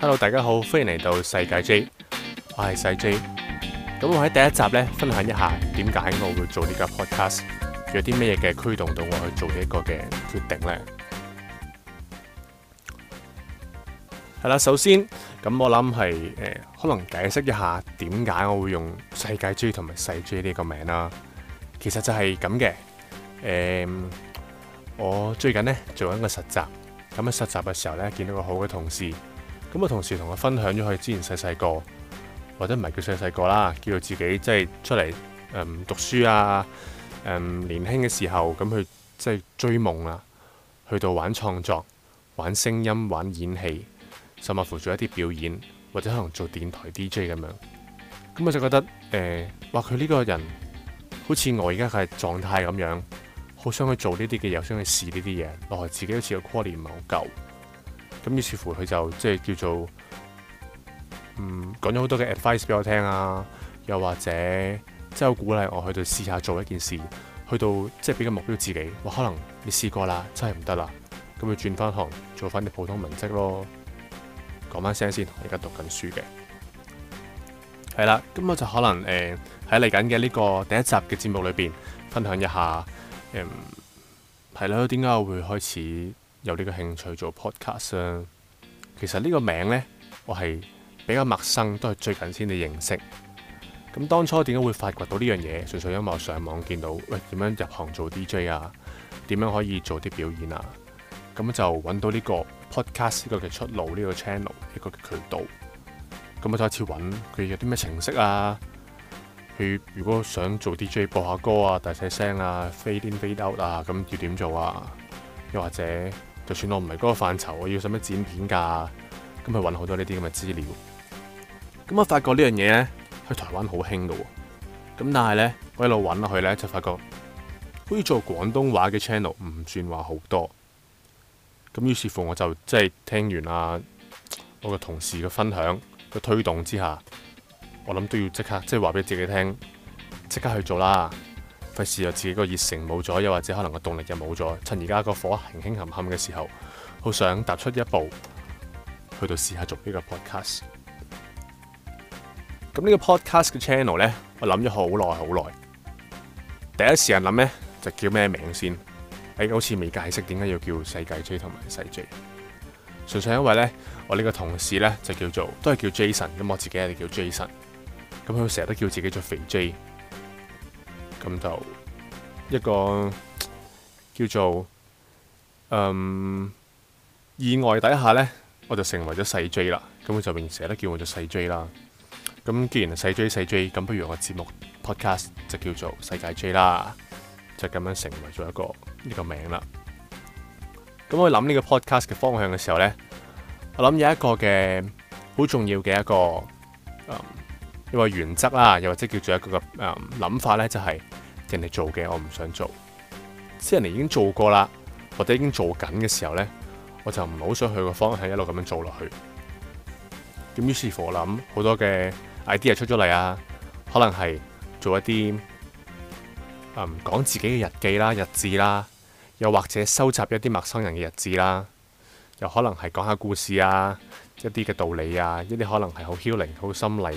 Hello，大家好，歡迎嚟到世界 J，我係細 J。咁我喺第一集呢，分享一下點解我會做呢個 Podcast，有啲咩嘢嘅驅動到我去做呢一個嘅決定呢？係啦，首先咁我諗係誒，可能解釋一下點解我會用世界 J 同埋細 J 呢個名啦。其實就係咁嘅誒，我最近呢做緊個實習，咁喺實習嘅時候呢，見到個好嘅同事。咁啊，同時同佢分享咗佢之前細細個，或者唔係叫細細個啦，叫做自己即係出嚟誒、嗯、讀書啊，誒、嗯、年輕嘅時候咁去即係追夢啦、啊，去到玩創作、玩聲音、玩演戲，甚至乎做一啲表演，或者可能做電台 DJ 咁樣。咁我就覺得誒，哇、呃！佢呢個人好似我而家嘅狀態咁樣，好想去做呢啲嘅嘢，想去試呢啲嘢，落自己好似個 quality 唔係好夠。咁於是乎佢就即係叫做，嗯，講咗好多嘅 advice 俾我聽啊，又或者即係鼓勵我去到試下做一件事，去到即係俾個目標自己，哇，可能你試過啦，真係唔得啦，咁要轉翻行，做翻啲普通文職咯。講翻聲先，我而家讀緊書嘅，係啦，咁我就可能誒喺嚟緊嘅呢個第一集嘅節目裏邊分享一下，誒、呃，係啦，點解我會開始？有呢個興趣做 podcast 啊，其實呢個名呢，我係比較陌生，都係最近先至認識。咁當初點解會發掘到呢樣嘢？純粹因為我上網見到，喂、呃、點樣入行做 DJ 啊？點樣可以做啲表演啊？咁就揾到呢個 podcast 呢個嘅出路，呢個 channel 一個渠道。咁我再一次揾佢有啲咩程式啊？佢如果想做 DJ 播下歌啊、大細聲啊、fade in fade out 啊，咁要點做啊？又或者，就算我唔係嗰個範疇，我要使乜剪片噶？咁去揾好多呢啲咁嘅資料。咁我發覺呢樣嘢咧，去台灣好興咯。咁但係咧，我一路揾落去咧，就發覺好似做廣東話嘅 channel 唔算話好多。咁於是乎我就即係聽完喇我個同事嘅分享、嘅推動之下，我諗都要即刻即係話俾自己聽，即刻去做啦。費事下自己個熱誠冇咗，又或者可能個動力又冇咗。趁而家個火輕輕冚冚嘅時候，好想踏出一步，去到試下做個個呢個 Podcast。咁呢個 Podcast 嘅 channel 咧，我諗咗好耐好耐。第一時間諗咧就叫咩名先？誒、哎，好似未解釋點解要叫世界 J 同埋細 J。純粹因為咧，我呢個同事咧就叫做都係叫 Jason，咁我自己係叫 Jason。咁佢成日都叫自己做肥 J。咁就一個叫做嗯，意外底下咧，我就成為咗細 J 啦。咁佢就永遠成日都叫我做細 J 啦。咁既然係細 J 細 J，咁不如我節目 podcast 就叫做世界 J 啦，就咁樣成為咗一個呢個名啦。咁我諗呢個 podcast 嘅方向嘅時候咧，我諗有一個嘅好重要嘅一個嗯。因為原則啦，又或者叫做一個個誒諗法咧，就係、是、人哋做嘅我唔想做，即係人哋已經做過啦，或者已經做緊嘅時候咧，我就唔好想去個方向一路咁樣做落去。咁於是乎我諗好多嘅 idea 出咗嚟啊，可能係做一啲誒講自己嘅日記啦、日誌啦，又或者收集一啲陌生人嘅日誌啦，又可能係講下故事啊。一啲嘅道理啊，一啲可能係好轟靈、好心靈、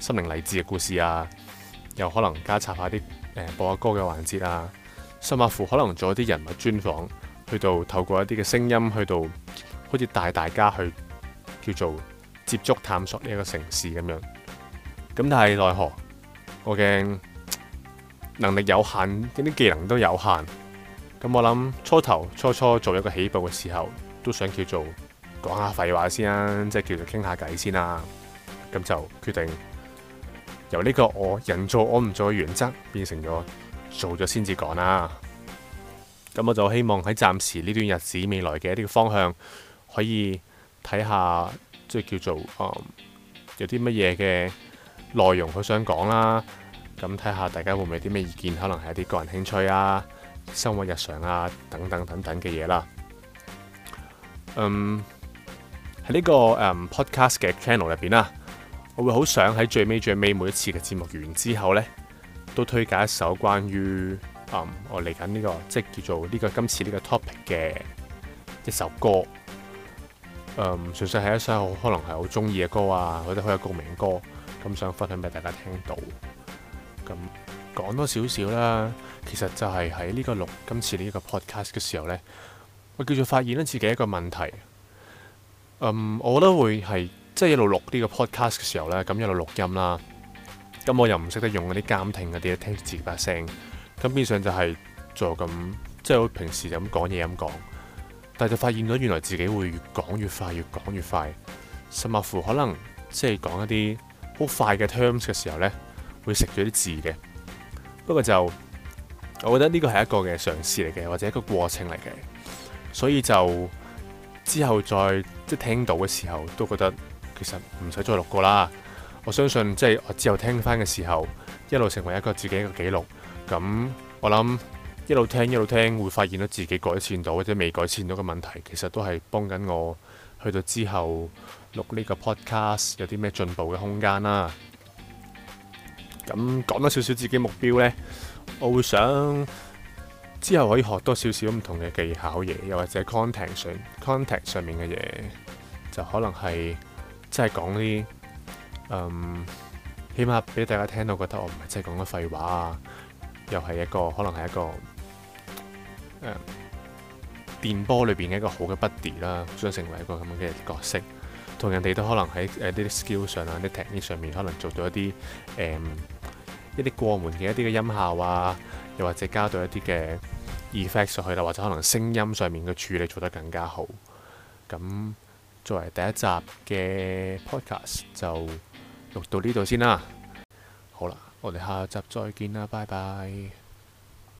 心靈勵志嘅故事啊，又可能加插下啲誒播下歌嘅環節啊，甚至乎可能做一啲人物專訪，去到透過一啲嘅聲音去到，好似帶大家去叫做接觸探索呢一個城市咁樣。咁但係奈何我嘅能力有限，啲技能都有限。咁我諗初頭初初做一個起步嘅時候，都想叫做，講下廢話先啦、啊，即係叫做傾下偈先啦、啊。咁就決定由呢個我人做，我唔做嘅原則變成咗做咗先至講啦、啊。咁我就希望喺暫時呢段日子未來嘅呢個方向，可以睇下即係、就是、叫做誒、嗯、有啲乜嘢嘅內容佢想講啦、啊。咁睇下大家會唔會有啲咩意見，可能係一啲個人興趣啊、生活日常啊等等等等嘅嘢啦。嗯。喺呢個誒 podcast 嘅 channel 入邊啦，我會好想喺最尾最尾每一次嘅節目完之後咧，都推介一首關於誒、嗯、我嚟緊呢個即係叫做呢個今次呢個 topic 嘅一首歌。誒、嗯，純粹係一首可能係好中意嘅歌啊，或者好有共鳴嘅歌，咁想分享俾大家聽到。咁講多少少啦，其實就係喺呢個錄今次呢個 podcast 嘅時候咧，我叫做發現咗自己一個問題。嗯，um，我覺得會係即係一路錄呢個 podcast 嘅時候咧，咁一路錄音啦，咁我又唔識得用嗰啲監聽嗰啲聽住自己把聲，咁變相就係做咁，即係我平時就咁講嘢咁講，但係就發現咗原來自己會越講越快，越講越快，甚至乎可能即係講一啲好快嘅 terms 嘅時候咧，會食咗啲字嘅。不過就我覺得呢個係一個嘅嘗試嚟嘅，或者一個過程嚟嘅，所以就。之後再即係聽到嘅時候，都覺得其實唔使再錄過啦。我相信即係我之後聽返嘅時候，一路成為一個自己嘅個記錄。咁我諗一路聽一路聽，會發現到自己改善到或者未改善到嘅問題，其實都係幫緊我去到之後錄呢個 podcast 有啲咩進步嘅空間啦。咁講多少少自己目標呢？我會想，之後可以學多少少唔同嘅技巧嘢，又或者 contact 上、contact 上面嘅嘢，就可能係即係講啲嗯，起碼俾大家聽到覺得我唔係真係講咗廢話啊！又係一個可能係一個誒、嗯、電波裏邊嘅一個好嘅 buddy 啦，想成為一個咁嘅角色，同人哋都可能喺誒啲 skill 上啊、啲 technique 上面，可能做到一啲誒、嗯、一啲過門嘅一啲嘅音效啊。又或者加到一啲嘅 effect 上去啦，或者可能聲音上面嘅處理做得更加好。咁作為第一集嘅 podcast 就錄到呢度先啦。好啦，我哋下集再見啦，拜拜。